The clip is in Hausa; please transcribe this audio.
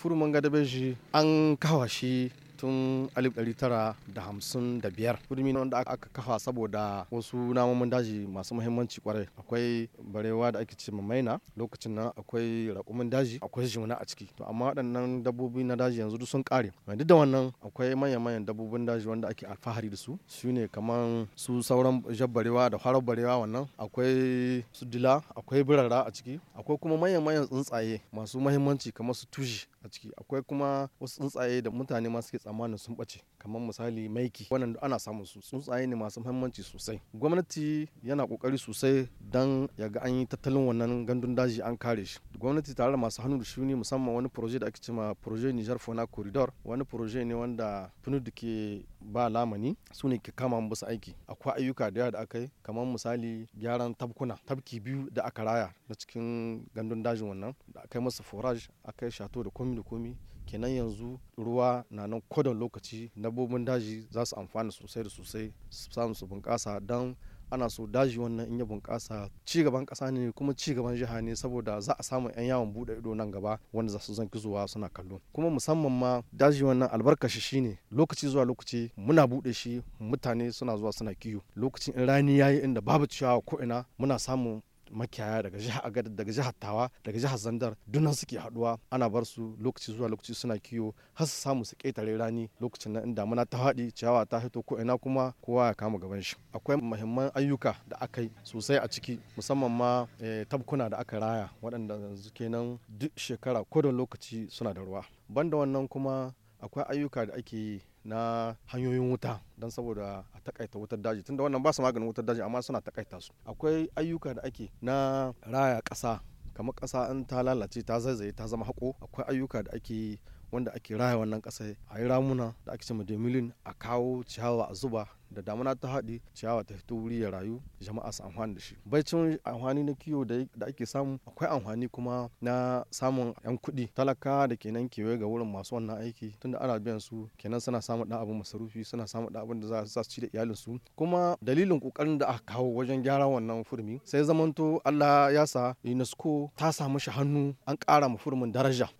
furu mangada beji an kawashi tun 1955 gudumi wanda aka kafa saboda wasu namomin daji masu muhimmanci kwarai akwai barewa da ake ce maina lokacin nan akwai raƙumin daji akwai jimuna a ciki to amma waɗannan dabbobi na daji yanzu duk sun ƙare duk da wannan akwai manya-manyan dabbobin daji wanda ake alfahari da su su ne kamar su sauran jabbarewa da farar barewa wannan akwai su dila akwai birara a ciki akwai kuma manya-manyan tsuntsaye masu muhimmanci kamar su tushi a ciki akwai kuma wasu tsuntsaye da mutane masu tsammanin sun ɓace kamar misali maiki wannan ana samun su tsuntsaye ne masu muhimmanci sosai gwamnati yana ƙoƙari sosai don ya ga an yi tattalin wannan gandun daji an kare shi gwamnati tare da masu hannu da shuni musamman wani proje da ake cema proje nijar fona corridor wani proje ne wanda da ke ba lamani su ne ke kama musu aiki akwai ayyuka da yawa da aka yi kamar misali gyaran tabkuna tabki biyu da aka raya na cikin gandun dajin wannan da aka yi masa forage aka yi shato da komi da komi kenan yanzu ruwa na nan kodon lokaci dabbobin daji za su amfana sosai da sosai su samu su bunƙasa don ana so daji wannan in ya bunƙasa ci gaban ƙasa ne kuma ci gaban jiha ne saboda za a samu 'yan yawon buɗe ido nan gaba wanda za su zanki zuwa suna kallo kuma musamman ma daji wannan albarkashi ne lokaci zuwa lokaci muna buɗe shi mutane suna zuwa suna kiyo lokacin in rani yi inda babu ciyawa ko ina muna samun makiyaya daga jihar agad daga jihar tawa daga jihar zandar dunan suke haduwa ana bar su lokaci zuwa lokaci suna kiyo har su samu su ketare rani lokacin nan damuna ta haɗi ciyawa ta hito ko ina kuma kowa ya kama gaban shi akwai muhimman ayyuka da aka yi sosai a ciki musamman ma eh, tabkuna da aka raya waɗanda yanzu kenan duk shekara kodon lokaci suna da ruwa banda wannan kuma akwai ayyuka da ake yi na hanyoyin wuta don saboda a takaita wutar daji tunda wannan ba su maganin wutar daji amma suna takaita su akwai ayyuka da ake na raya ƙasa kamar ƙasa in ta lalace ta zaizaye ta zama haƙo akwai ayyuka da ake wanda ake raya wannan ƙasa a yi ramuna da ake cema demilin a kawo ciyawa a zuba da damuna ta haɗe ciyawa ta fito wuri ya rayu jama'a su amfani da shi cin amfani na kiwo da ake samu akwai amfani kuma na samun yan kuɗi talaka da kenan kewaye ga wurin masu wannan aiki tunda ana biyan su kenan suna samun ɗan abin masarufi suna samun ɗan abin da za su ci da iyalinsu kuma dalilin ƙoƙarin da aka kawo wajen gyara wannan furmi sai zamanto Allah ya sa UNESCO ta samu shi hannu an ƙara ma furmin daraja